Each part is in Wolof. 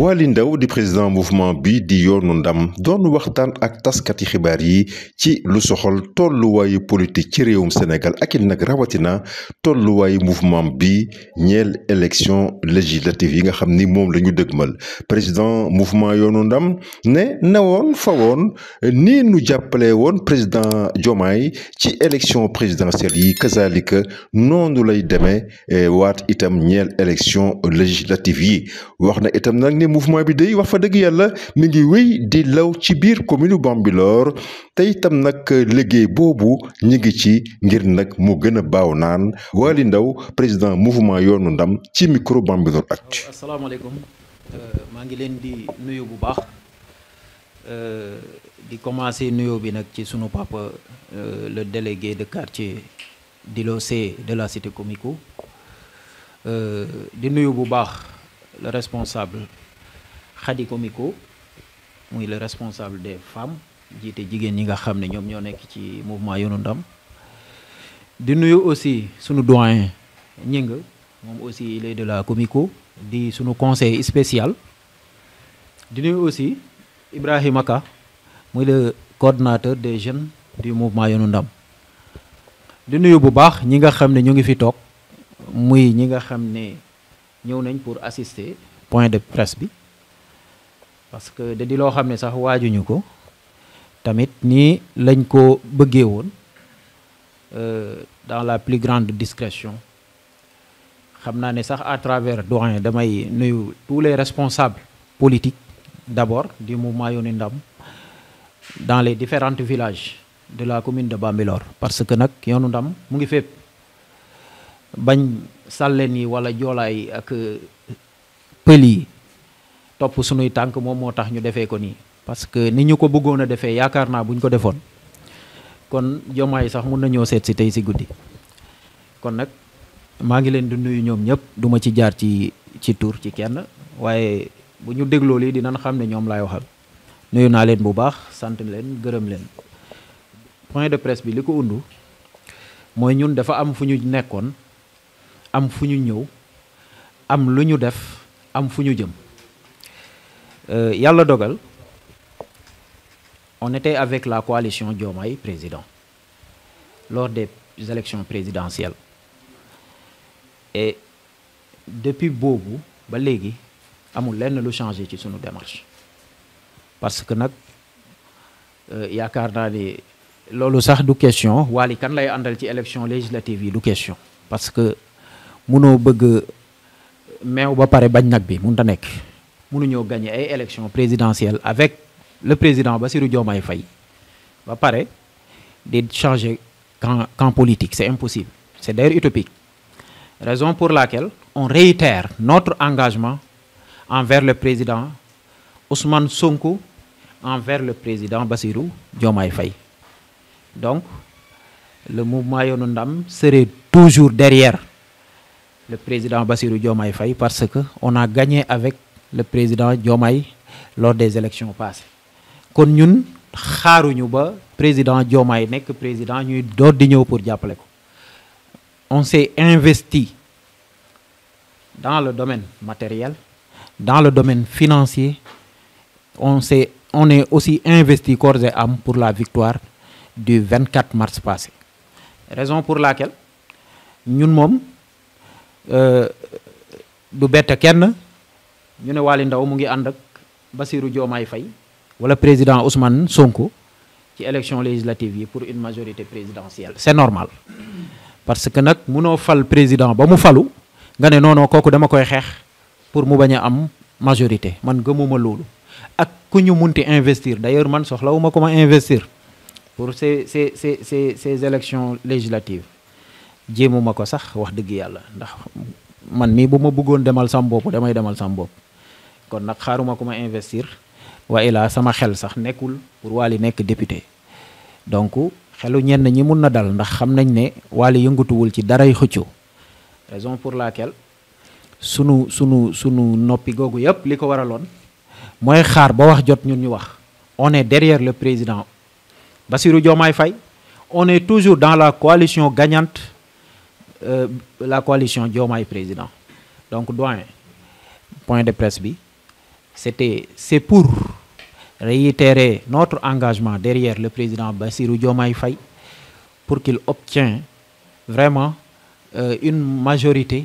walindaw di président mouvement bi di yoonu ndam doon waxtaan ak taskati xibaar ci lu soxal tolluwaayu politique ci réewum Sénégal ak it nag rawatina mouvement bi ñeel élection législative yi nga ni moom président mouvement yoonu ndam ne na fawon ni président Diomaye ci élection présidentielle yi noonu lay demee eh, waat itam ñeel élection législative yi itam mouvement bi day wax fa deug yalla mi ngi wéy di law ci bir commune Bambilor tay tam nak liggéey bobu ñi ngi ci ngir nak mu gëna baaw naan Waly président mouvement yonu ndam ci micro Bambilor Actu. Euh, asalaamaaleykum euh, ma ngi leen di nuyu bu baax euh, di commencer nuyu bi nak ci sunu papa le délégué de quartier di C de la cité Comico di nuyu bu baax le responsable Khadi Komiko est le responsable des femmes qui jigéen ñi nga xam ne ñoom ñoo nekk mouvement yoonu ndam di aussi sunu doyen Gningue moom aussi il est de la Comico di sunu conseil spécial di nuyu aussi Ibrahimaka, qui est le coordinateur des jeunes du mouvement yoonu ndam di nuyu bu baax ñi nga xam ne ñu ngi fi toog muy ñi nga ne pour assister point de presse parce que de di lo xamné sax wajuñu ko tamit ni lañ ko won euh dans la plus grande discrétion xamna né sax à travers doyen damay nuyu tous les responsables politiques d'abord du mouvement Yoni Ndam dans les différents villages de la commune de Bambilor parce que nak, Yoni Ndam mu ngi fep bañ sàlleen yi wala joolaay ak peli topp suñuy tànk moom moo tax ñu defee ko nii parce que ni ñu ko bëggoon a defee yaakaar naa buñ ko defoon kon jomaay sax mun nañoo seet si tey si guddi kon nag maa ngi leen di nuyu ñoom ñëpp duma ci jaar ci ci tur ci kenn waaye bu ñu dégloo lii dinañ xam ne ñoom laay waxal nuyu naa leen bu baax sant leen gërëm leen point de presse bi li ko undu mooy ñun dafa am fu ñu nekkoon am fu ñu ñëw am lu ñu def am fu ñu jëm Euh, Yalla dogal on était avec la coalition Diomaye président lors des élections présidentielles et depuis Bobo ba léegi amul lenn changé ci sunu démarche parce que nag euh, yaakaar naa ni lolu sax du question Wally kan lay andal ci élection législative du question parce que munoo bëgg meew ba paré bañ nag bi mun ta nek mënuñoo gagné ay élection présidentielle avec le président Bassirou Diomaye Faye ba paraître de changer camp politique c'est impossible c'est d'ailleurs utopique raison pour laquelle on réitère notre engagement envers le président Ousmane Sonko envers le président Bassirou Diomaye donc le mouvement Yonundam serait toujours derrière le président Bassirou Diomaye parce que on a gagné avec le président Diomay lors des élections passées kon ñun que ba président pas le président ñuy door di pour jàppale on s'est investi dans le domaine matériel dans le domaine financier on s'est on est aussi investi corps et âme pour la victoire du 24 mars passé raison pour laquelle ñun nous euh, du nous sommes ñu ne wali Ndaw mu ngi and ak basiru jomay fay wala président Ousmane Sonko ci élection législative yi pour une majorité présidentielle c'est normal parce que nak mëno fal président ba mu falu nga ne noonoo koku dama koy xex pour mu baña am majorité man gëmuma lolu ak ku ñu munti investir d'ailleurs man soxlawuma ko ma investir pour ces ces ces ces ces élections législatives jéemuma ko sax wax deug yalla ndax man mi buma ma bëggoon demal sam bop damay demal sam bop kon nak xaruma ku ma investir wa ilaa sama xel sax nekul pour wali nek député donc xelu ñenn ñi mun dal ndax xam nañ ne Wally yëngatuwul ci daray xëccu raison pour laquelle sunu sunu sunu noppi gogu yëpp liko waralon moy mooy xaar ba wax jot ñun ñu wax on est derrière le président Bassirou Diomaye fay on est toujours dans la coalition gagnante euh, la coalition Diomaye président donc doyen point de presse bi c'est pour réitérer notre engagement derrière le président Bassirou Diomaye pour qu'il obtienne vraiment euh, une majorité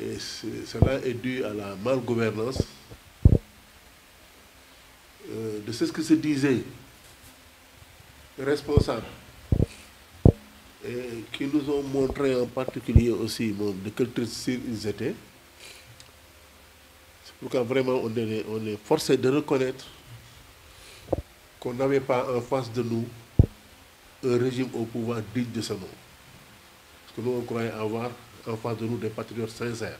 Et cela est dû à la malgouvernance euh, de ce que se disait responsable et qui nous ont montré en particulier aussi de quel ils étaient. C'est pourquoi vraiment on est, on est forcé de reconnaître qu'on n'avait pas en face de nous un régime au pouvoir digne de ce nom. ce que nous, on croyait avoir en face de nous des patriotes sincères,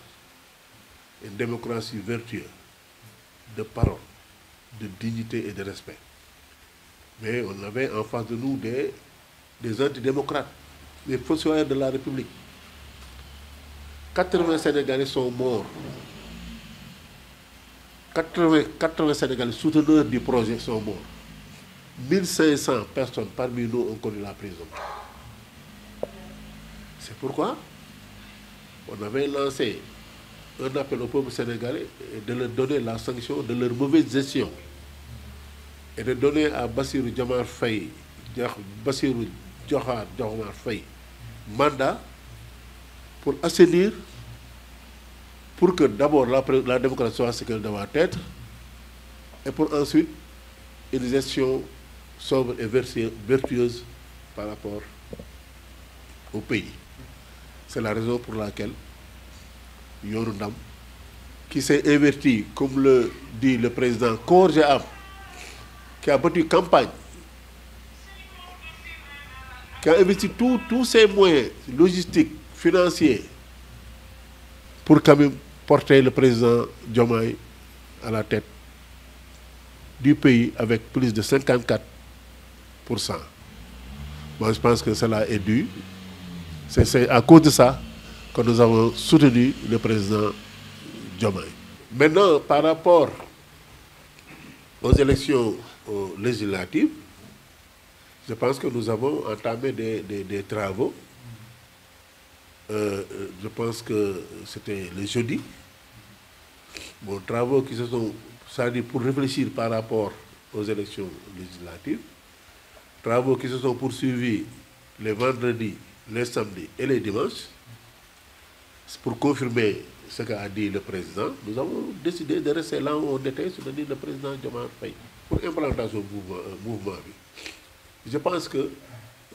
une démocratie vertueuse, de parole, de dignité et de respect. Mais on avait en face de nous des, antidémocrates, des fonctionnaires de la République. 80 Sénégalais sont morts. 80, 80 Sénégalais souteneurs du projet sont morts. 1500 personnes parmi nous ont connu la prison. C'est pourquoi on avait lancé un appel au peuple sénégalais de leur donner la sanction de leur mauvaise gestion et de donner à Bassirou Djamar Faye, Bassirou Djamar Faye, mandat pour assainir, pour que d'abord la, la démocratie soit ce qu'elle doit être, et pour ensuite une gestion sobre et vertueuse par rapport au pays. C'est la raison pour laquelle Yorundam qui s'est inverti, comme le dit le président Kourja qui a battu campagne, qui a investi tous ses moyens logistiques, financiers, pour quand même porter le président Diomaye à la tête du pays avec plus de 54%. Moi, je pense que cela est dû c'est à cause de ça que nous avons soutenu le président Diomaye. Maintenant, par rapport aux élections euh, législatives, je pense que nous avons entamé des, travaux. Euh, euh, je pense que c'était le jeudi. Bon, travaux qui se sont, ça dit pour réfléchir par rapport aux élections législatives. Travaux qui se sont poursuivis le vendredi les samedis et les dimanches, pour confirmer ce qu'a dit le président, nous avons décidé de rester là où on était, c'est-à-dire le président Diomaye Faye, pour implantation ce mouvement. Euh, Je pense que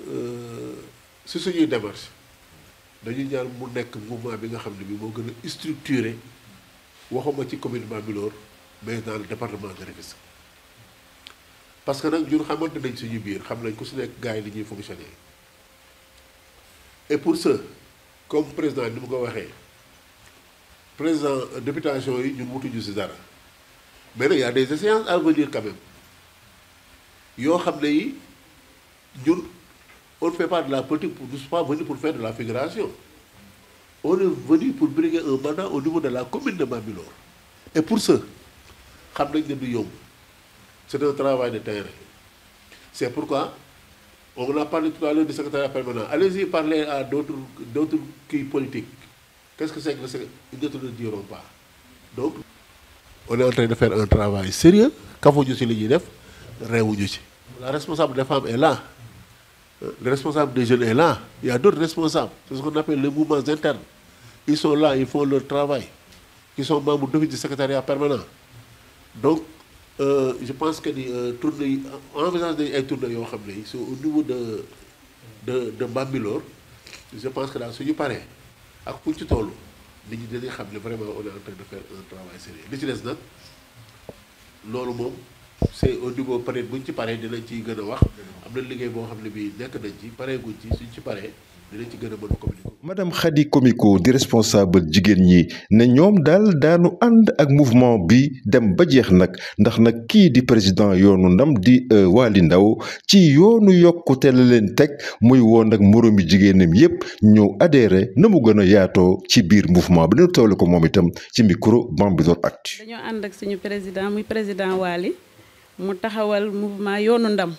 euh, ce une démarche. nous ñaan un mouvement qui est structuré waxuma ci commune mais dans le département de Rufisque parce que nous avons xamante nañ suñu biir xam nañ de si li de fonctionner et pour ce comme président du gouvernement, ko président euh, députation nous ñu wutuñu si mais mais il y a des essais à venir quand même yo savez, nous on ne fait pas de la politique pour nous sommes pas venus pour faire de la figuration on est venu pour briguer un mandat au niveau de la commune de Mamilor. et pour ce vous nañ c'est un travail de terrain c'est pourquoi on a parlé tout à l'heure du secrétariat permanent. Allez-y parler à d'autres qui politiques. Qu'est-ce que c'est que le secrétariat D'autres ne diront pas. Donc, on est en train de faire un travail sérieux. Quand vous dites La responsable des femmes est là. Le responsable des jeunes est là. Il y a d'autres responsables. C'est ce qu'on appelle les mouvements internes. Ils sont là, ils font leur travail. Ils sont membres du secrétariat permanent. Donc, euh, je pense que ni euh, tourne yi envisage nañ tourne yoo xam ne so au niveau de de de Bambilor je pense que daal suñu paree ak fu ci toll nit ñi dinañ xam ne vraiment on est en train de faire un travail sérieux li ci des nag loolu moom c'est au niveau peut-être buñ ci paree dinañ ci gën wax am liggéey boo xam ne bii nañ ci pareeguñ ci suñ ci paree dinañ ci madame Khady Komiko di responsable jigéen ñi ne ñoom daal daanu ànd ak mouvement bi dem ba jeex nag ndax nag kii di président yoonu ndam di euh, Waly ndaw ci yoonu yokkute la leen teg muy woon ak moroomi jigéenam yépp ñëw adhéré na mu gën a yaatoo ci biir mouvement bi ñu toole ko moom itam ci micro Bambilor Actu. dañoo ànd ak suñu président muy président Waly mu taxawal mouvement yoonu ndam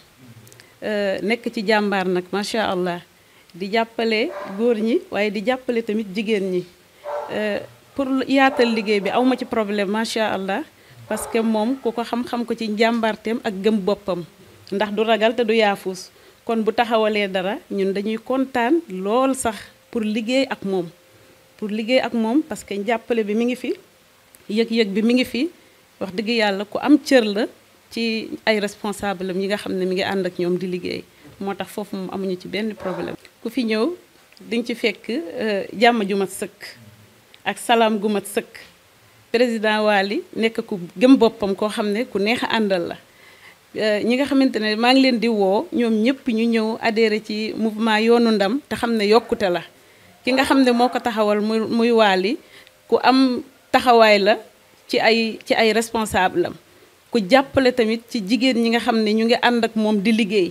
euh, nekk ci jàmbaar nag macha allah. di jàppale góor ñi waaye di jàppale tamit jigéen ñi euh, pour yaatal liggéey bi awma ci problème macha allah parce que moom ku ko xam-xam ko ci njàmbarteem ak gëm boppam ndax du ragal te du yaafus kon bu taxawalee dara ñun dañuy kontaan lool sax pour liggéey ak moom pour liggéey ak moom parce que jàppale bi mi ngi fi yëg-yëg bi mi ngi fi wax dëgg yàlla ku am cër la ci ay responsable am yi nga xam ne mi ngi ànd ak ñoom di liggéey moo tax foofu moom amuñu ci benn problème ku fi ñëw di ci fekk euh, jàmm ju mat sëkk ak salaam gu mat sëkk président Waly nekk ku gëm boppam koo xam ne ku neex a àndal la euh, ñi nga xamante ne maa ngi leen di woo ñoom ñëpp ñu ñëw adhéré ci mouvement yoonu ndam te xam ne yokkute la ki nga xam ne moo ko taxawal muy muy Waly ku am taxawaay la ci ay ci ay responsable am ku jàppale tamit ci jigéen ñi nga xam ne ñu ngi ànd ak moom di liggéey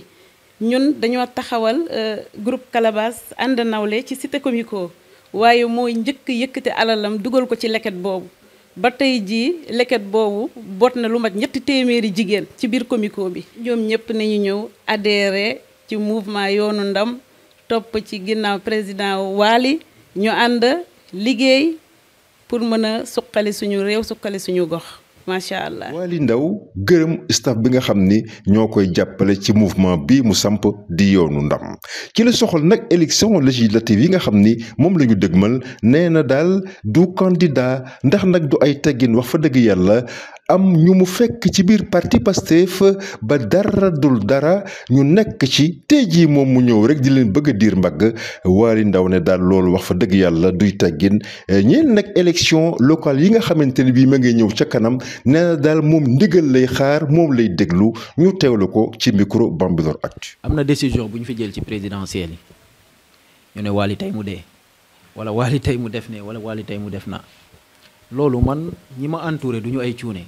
ñun dañoo taxawal euh, groupe Calabas ànd nawle ci cité comico waaye mooy njëkk yëkkate alalam dugal ko ci leket boobu ba tey jii leket boobu boot na lu mat ñetti téeméeri jigéen ci biir comico bi ñoom ñëpp nañu ñëw adhéré ci mouvement yoonu ndam topp ci ginnaaw président Waly ñu ànd liggéey pour mën a suqali suñu réew suqali suñu gox macha allah Waly Ndao gërëm staff bi nga xam ni ñoo koy jàppale ci mouvement bi mu samp di yoonu ndam ci la soxal nag élection législative yi nga xam ni moom la ñu dëgmal nee na daal du candidat ndax nag du ay teggin wax fa dëgg yàlla am ñu mu fekk ci biir partie parti fa ba dara dul dara ñu nekk ci tey jii moom mu ñëw rek di leen bëgg a diir mbagg waali ndaw ne daal loolu wax fa dëgg yàlla duy teggin ñeen nag élection locale yi nga xamante ne bii ma ngi ñëw ca kanam ne na daal moom ndigal lay xaar moom lay déglu ñu teewlu ko ci micro Bambilor Actu am na décision bu ñu fi jël ci présidentielle yi ñu ne Waly tey mu dee wala Waly tey mu def ne wala Waly tey mu def na loolu man ñi ma entouré du ñu ay cuune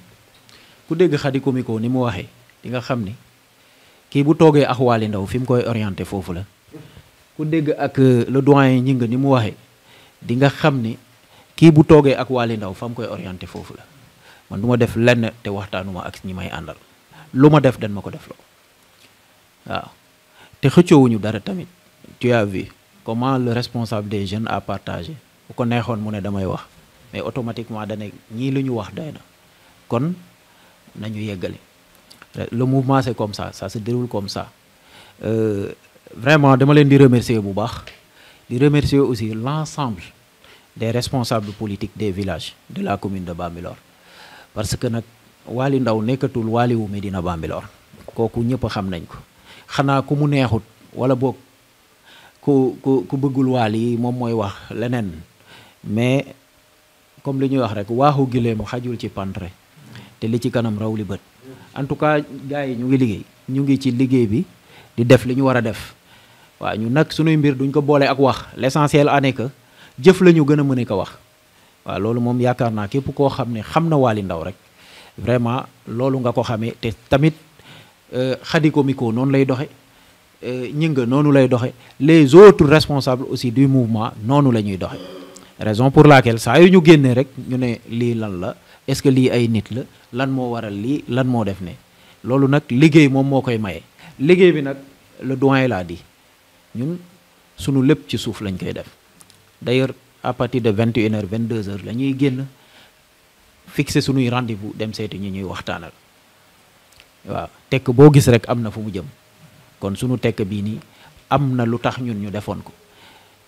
ku dégg xadi komiko ni mu waxee di nga xam ni kii bu toogee ak Waly ndaw fi mu koy orienté foofu la ku dégg ak euh, le doyen ñi nga ni mu waxee di nga xam ni kii bu toogee ak Waly Ndao fa mu koy orienté foofu la man du ma def lenn te waxtaanuma ak ñi may àndal lu ma def dan ma ko def loo waaw te xëccoowuñu dara tamit tu as comment le responsable des jeunes à partagé bu ko neexoon mu ne damay wax mais automatiquement dane ñii lu ñu wax day na kon nañu yeggale le mouvement c'est comme ça ça se déroule comme ça euh, vraiment dama len di remercier bu baax di remercier aussi l'ensemble des responsables politiques des villages de la commune de Bambilor parce que nak wali ndaw nekatul Waly wu Médina Bambilor koku ñepp xam nañ ko xana ku mu neexut wala bok ku ku ku bëggul wali mom moy wax leneen mais comme li ñuy wax rek waaxu gileem xajul ci pantre te li ci kanam raw li bët en tout cas gars yi ñu ngi liggéey ñu ngi ci liggéey bi di def li ñu war a def waaw ñu nag sunuy mbir duñ ko boole ak wax l'essentiel ané que jëf la ñu gën a mën ko wax waaw loolu moom yaakaar naa képp koo xam ne xam na Waly ndaw rek vraiment loolu nga ko xamee te tamit euh, Khadiko Miko noonu lay doxe ñinga euh, noonu lay doxe les autres responsables aussi du mouvement noonu la ñuy doxe raison pour la laquelle saa yu ñu génnee rek ñu ne lii lan la est-ce que li ay nit la lan moo waral lii lan moo def ne loolu nag liggéey moom moo koy maye liggéey bi nag le doyen laa di ñun sunu lépp ci suuf lañ koy def d'ailleurs à partir de vingt et une heures vingt deux heures la ñuy génn fixer sunuy rendez-vous dem seeti ñu ñuy waxtaanal waaw tekk boo gis rek am na fu mu jëm kon sunu tekk bii nii am na lu tax ñun ñu defoon ko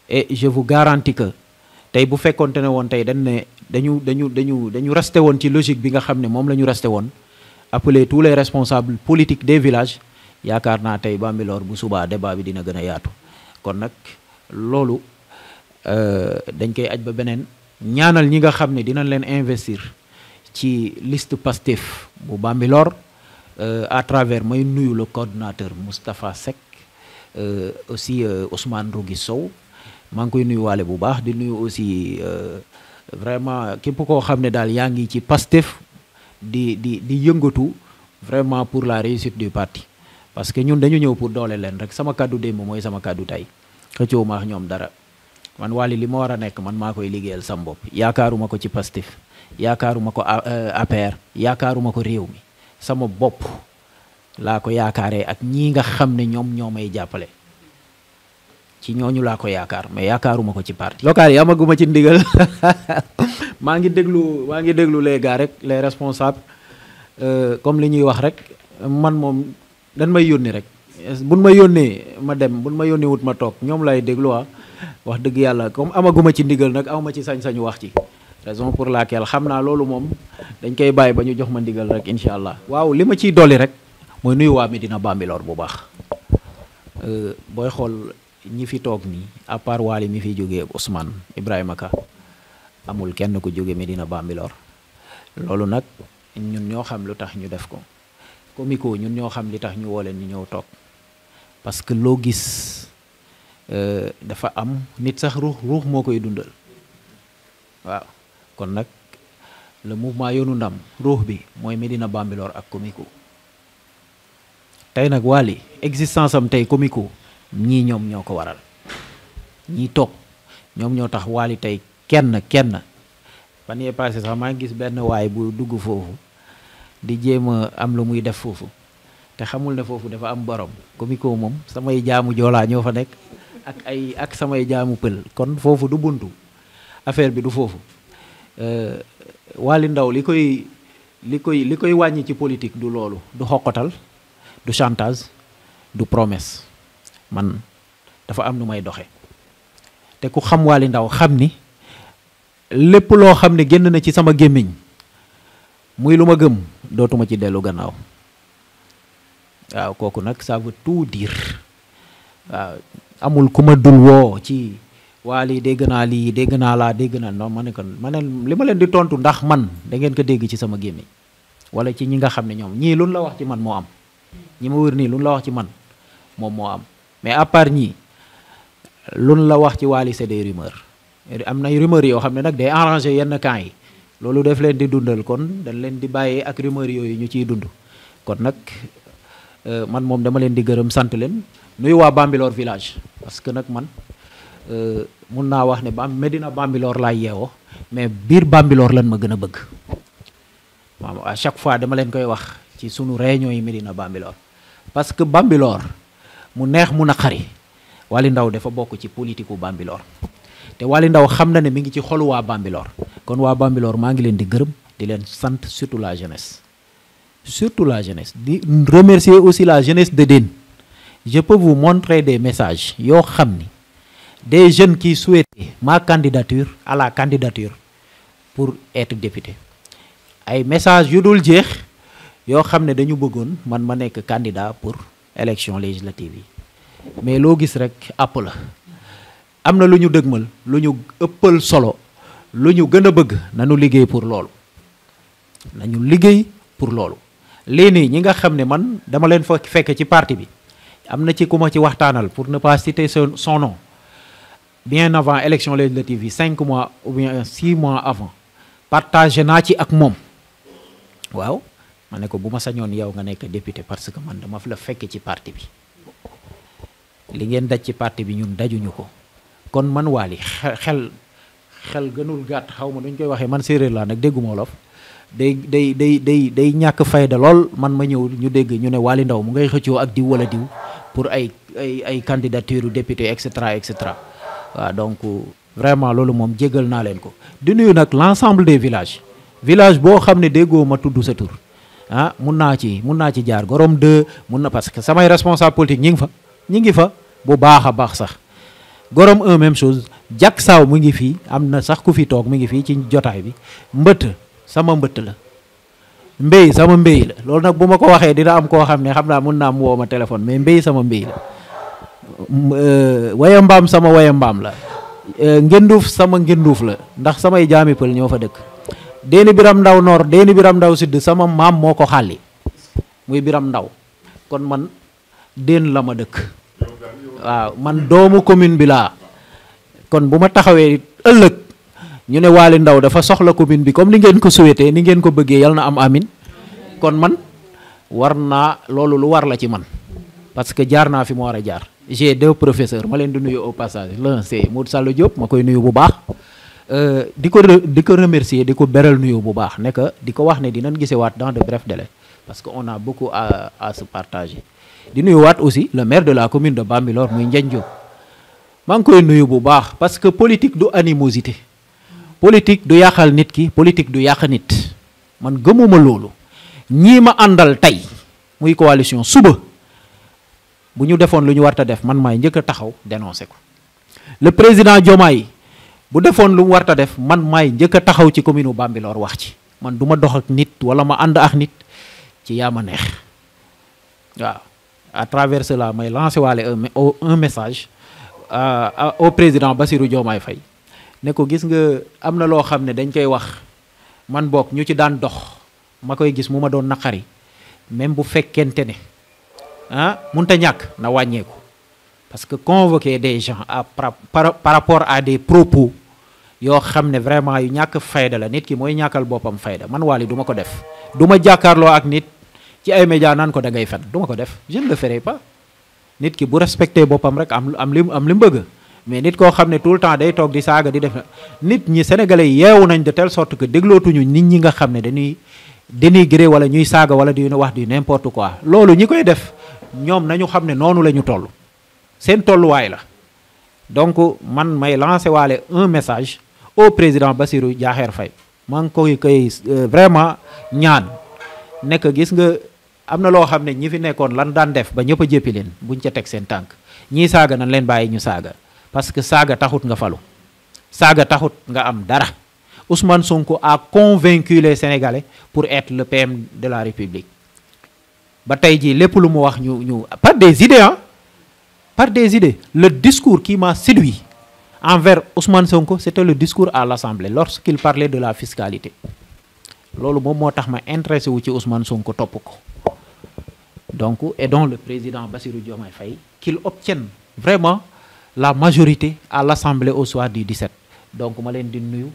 et je vous garantis que tay bu fekkonte ne woon tey dañ né dañu dañu dañu dañu resté won ci logique bi nga xamné mom lañu resté won appeler tous les responsables politiques des villages yaakaar tay tey Bambilor bu subaa débat bi dina gëna a yaatu kon lolu euh dañ koy aj ba beneen ñaanal ñi nga xamné dinañ leen investir ci liste Pastef bu euh à travers may nuyu le coordinateur Moustapha Seck euh, aussi euh, Ousmane Rougui Sow maa ngi koy nuyuwaale bu baax di nuyu aussi euh, vraiment képp koo xam ne daal yaa ngi ci Pastef di di di yëngatu vraiment pour la réussite du parti parce que ñun dañu ñëw pour doole leen rek sama kàddu démb mooy sama kàddu tey xëccoo ma ak ñoom dara man wàlli li ma war a nekk man maa koy liggéeyal sama bopp yaakaaruma ko ci Pastef yaakaaruma ko euh, APR yaakaaruma ko réew mi sama bopp laa ko yaakaaree ak ñii nga xam ne ñoom ñoo may jàppale ci ñooñu laa ko yaakaar mais yaakaaruma ko ci parti local yi amaguma ci ndigal maa ngi déglu maa ngi déglu les gars rek les responsables euh, comme li ñuy wax rek man moom dañ may yónni rek buñ ma yónnee ma dem buñ ma yónnee wut ma toog ñoom lay dégluwaa ah. wax dëgg yàlla comme amaguma ci ndigal nag awma ci sañ-sañu wax ci raison pour la laquelle xam naa loolu moom dañ koy bàyyi ba ñu jox ma ndigal rek incha allah. waaw li ma ciy dolli rek mooy nuyu waa Medina Bambilor bu baax euh, ñi fi toog nii à part mi fi jógee Ousmane Ibrahima Ka amul kenn ku jóge Medina Bambilor loolu nag ñun ñoo xam lu tax ñu def ko comico ñun ñoo xam li tax ñu woo leen ñu ñëw toog parce que loo gis euh, dafa am nit sax ruux ruux moo koy dundal waaw kon nag le mouvement yoonu ndam ruux bi mooy Medina Bambilor ak comico tey nag Waly existence am tey comico ñii ñoom ñoo ko waral ñii toog ñoom ñoo tax waali tey kenn kenn fan yee passé sax maa ngi gis benn waay bu dugg foofu di jéem a am lu muy def foofu te xamul ne foofu dafa am borom komiko moom samay jaamu joolaa ñoo fa nekk ak ay ak samay jaamu pël kon foofu du buntu affaire bi du foofu euh, Waly ndaw li koy li koy li koy wàññi ci politique du loolu du xoqatal du chantage du promesse man dafa am nu may doxe te ku xam waali ndaw xam ni lépp loo xam ne génn na ci sama gémmiñ muy lu ma gëm dootuma ci dellu gannaaw waaw kooku nag ça veut tout dire waaw amul ku ma dul woo ci waa lii dégg naa lii dégg naa laa dégg naa non ma ne ma ne li ma leen di tontu ndax man da ngeen ko dégg ci sama gémmiñ wala ci ñi nga xam ne ñoom ñii luñ la wax ci man moo am ñi ma wër nii luñ la wax ci man moom moo am mais à part ñi lun la wax ci wali c'est des rumeurs am na rumeur yo xam nak day arranger yenn kan yi loolu def len di dundal kon dañ len di baye ak rumeur yooyu ñu ci dund kon euh, man mom dama len di gëreum sant len nuyu wa bambilor village parce que nak man euh, mun na wax ne bam medina bambilor la yeewoo mais bir bambilor lan ma gëna bëgg à chaque fois dama len koy wax ci sunu réunion yi medina bambilor parce que bambilor mu neex mu naqari Waly Ndao dafa bokk ci politiku Bambilor te Waly Ndao xam na ne mi ngi ci xolu waa Bambilor kon waa Bambilor maa ngi leen di gërëm di leen sant surtout la jeunesse surtout la jeunesse di remercier aussi la jeunesse de den je peux vous montrer des messages Yo xam ni des jeunes qui souhaitent ma candidature à la candidature pour être député ay messages yu dul jeex yoo xam ne dañu bëggoon man ma nekk candidat pour élection législative mais loo gis rek àpp Amna luñu dëgmal ëppal solo luñu gëna bëgg nañu liggéey pour loolu nañu liggéey pour loolu léni ñi nga xamné man dama leen fa fekk ci parti bi amna ci kuma ci waxtaanal pour ne pas citer son nom bien avant élection législative 5 cinq mois ou bien six mois avant partagé na ci ak mom waaw mané ko buma ma yow nga nek député parce que man dama fi la fekk ci parti bi li ngeen daj ci parti bi ñun dajuñu ko kon man waali xel xel gënul gàtt xawma ma koy waxee man séeréer la nak déggu wolof day day day day day ñak fayda lool man ma ñëw ñu dégg ñu né waali ndaw mu ngay xëccio ak di wala diw pour ay ay ay candidature député etc etc wa donc vraiment loolu mom jéggal na len ko di nuyu nak l'ensemble des villages village bo xamné déggo ma tuddu sa tour ah mun naa ci mun naa ci jaar gorom deux mun na parce que samay responsable politique ñi ngi fa ñi ngi fa bu baax a baax sax gorom un même chose jak saaw mu ngi fii am na sax ku fi toog mu ngi fii ci jotaay bi mbëtt sama mbëtt la mbéy sama mbéy la loolu nag bu ma ko waxee dina am koo xam ne xam naa mun naa mu woo ma téléphone mais mbéy sama mbéy la euh, waya mbaam sama waya mbaam la euh, ngenduuf sama ngenduuf la ndax samay jaami pël ñoo fa dëkk Deni biram ndaw noor deeni biram ndaw sud sama mam moko xali muy biram ndaw kon man den la ma dëkk man domu commune bi la kon buma taxawé euleuk ñu né wali ndaw dafa soxla commune bi comme ni ngeen ko souhaité ni ngeen ko bëggé am amin kon man warna naa lu war la ci man parce que jaar naa fi mo wara jaar j'ai deux professeurs ma len di nuyu au passage l'un c'est Modou sallo Diop makoy nuyu bu baax Euh, di ko remercier di ko beral nuyu bu baax ne que di ko wax ne dinañ dans de bref délai parce que on a beaucoup à à se partager di wat aussi le maire de la commune de Bambilor muy Ndiagne Diop koy nuyu bu baax parce que politique du animosité politique du yakal nit ki politique du yak nit man gëmuma lolu ñii ma andal tey muy coalition suba buñu ñu luñu warta def man may njëkk taxaw dénoncé ko le président Diomaye bu defone lu warta def man may njëkk taxaw ci commune Bambilor wax ci man duma dox ak nit wala ma and ak nit ci yama neex wa à travers cela may lancé walé un message au président Bassirou Diomaye Fay ne ko gis nga amna lo loo ne dañ koy wax man bok ñu ci daan dox ma gis muma doon nakari même bu fekente ne ah munta ñak na wàññeeku parce que convoquer des gens à par, par, par rapport à des propos yoo xam ne vraiment yu ñàkk fayda la nit ki mooy ñàkkal boppam fayda man Wally du ma ko def du ma jàkkaarloo ak nit ci ay média naan ko da ngay fen du ma ko def je ne le pas nit ki bu respecté boppam rek am am li am li mu bëgg mais nit koo xam ne tout le temps day toog di saaga di def nit ñi sénégalais yeewu nañ de telle sort que déglootuñu nit ñi nga xam ne dañuy dénigrer wala ñuy saaga wala di wax di n'importe quoi loolu ñi koy def ñoom nañu xam ne noonu la ñu toll seen tolluwaay la donc man may lancé waale un message au président Bassirou Diakhar Faye man ko koy euh, vraiment ñaan nek gis nga amna lo loo ne ñi fi nekkoon lan daan def ba ñepp a len leen buñ ca teg seen tank ñi saga nan len bayyi ñu saga parce que saga taxut nga falu saga taxut nga am dara Ousmane Sonko a convaincu les Sénégalais pour être le PM de la République ba tey jii lépp lu mu wax ñu ñu par des idées hein, par des idées le discours qui m'a séduit envers Ousmane Sonko c'était le discours à l'Assemblée lorsqu'il parlait de la fiscalité C'est ce qui ma intéressé wu ci Ousmane Sonko top ko donc le président Bassirou Diomaye Faye qu'il obtienne vraiment la majorité à l'Assemblée au soir du 17 donc ma vous di nuyu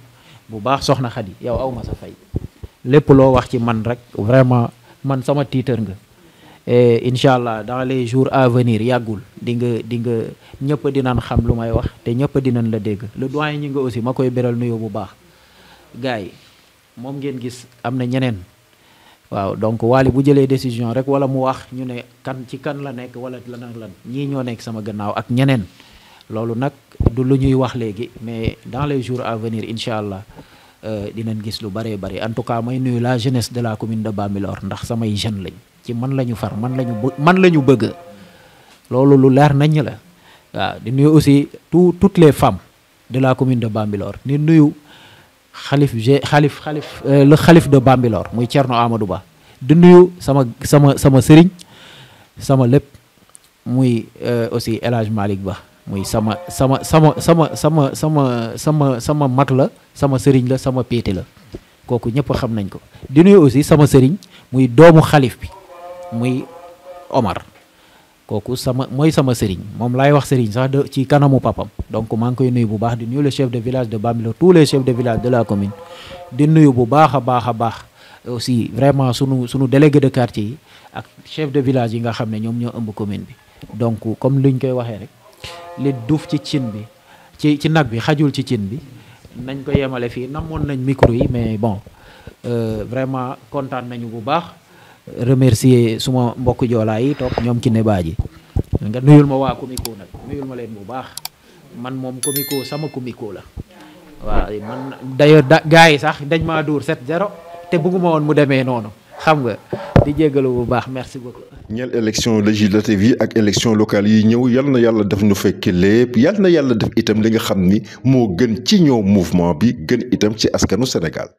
bu baax soxna Khady yow aw ma sa fay lépp lo wax ci man rek vraiment man sama Eh, incha allah dans les jours à venir yàggul di nga di nga ñëpp dinañ xam lu may wax te ñëpp dinañ la dégg le doyen ñi nga aussi ma koy beral nuyoo bu baax gars yi moom ngeen gis am na ñeneen waaw donc Wally bu jëlee décision rek wala mu wax ñu ne kan ci kan la nekk wala lan ak lan ñii ñoo nekk sama gannaaw ak ñeneen loolu nag du lu ñuy wax léegi mais dans les jours à venir incha allah euh, dinañ gis lu bëree bëri en tout cas may nuyu la jeunesse de la commune de Bambilor ndax samay jeunes lañ. ci man la ñu far man la ñu man la ñu bëgg loolu lu leer nañ la waaw di nuyu aussi tout toutes les femmes de la commune de Bambilor di nuyu xalif g xalif xalif euh, le xalif de Bambilor muy Thierno Amadou Ba di nuyu sama sama sama sëriñ sama lépp muy euh, aussi El Hadj Malick Ba muy sama sama sama sama sama sama sama sama mag la sama sëriñ la sama péete la kooku ñëpp xam nañ ko di nuyu aussi sama sëriñ muy doomu xalif bi muy Omar kooku sama moy sama serigne mom lay wax serigne sax de ci kanamu papam donc maa koy nuyu bu baax di nuyu le chef de village de Bamilo, tous les chefs de village de la commune di nuyu bu baax a baax aussi vraiment sunu sunu délégué de quartier ak chef de village yi nga xamné ñom ñoo ëmb commune bi donc comme liñ koy waxé rek li duuf ci cin bi ci ci nag bi xajul ci cin bi nañ ko yemalé fi namon nañ micro yi mais bon euh, vraiment content nañu bu baax remercier suma mbokk joolaa yi toog ne baa Badji nga nuyul ma waa Comico nag nuyul ma leen bu baax man moom Comico sama Comico la waaw man d'ailleurs da gars yi sax dañ maa dóor set 0 te bëgguma woon mu demee noonu xam nga di jéggalu bu baax merci beaucoup. ñeel élection législative yi ak élection locale yi ñëw yal na yàlla def nu fekk lépp yal na yàlla def itam li nga xam ni moo gën ci ñoo mouvement bi gën itam ci askanu Sénégal.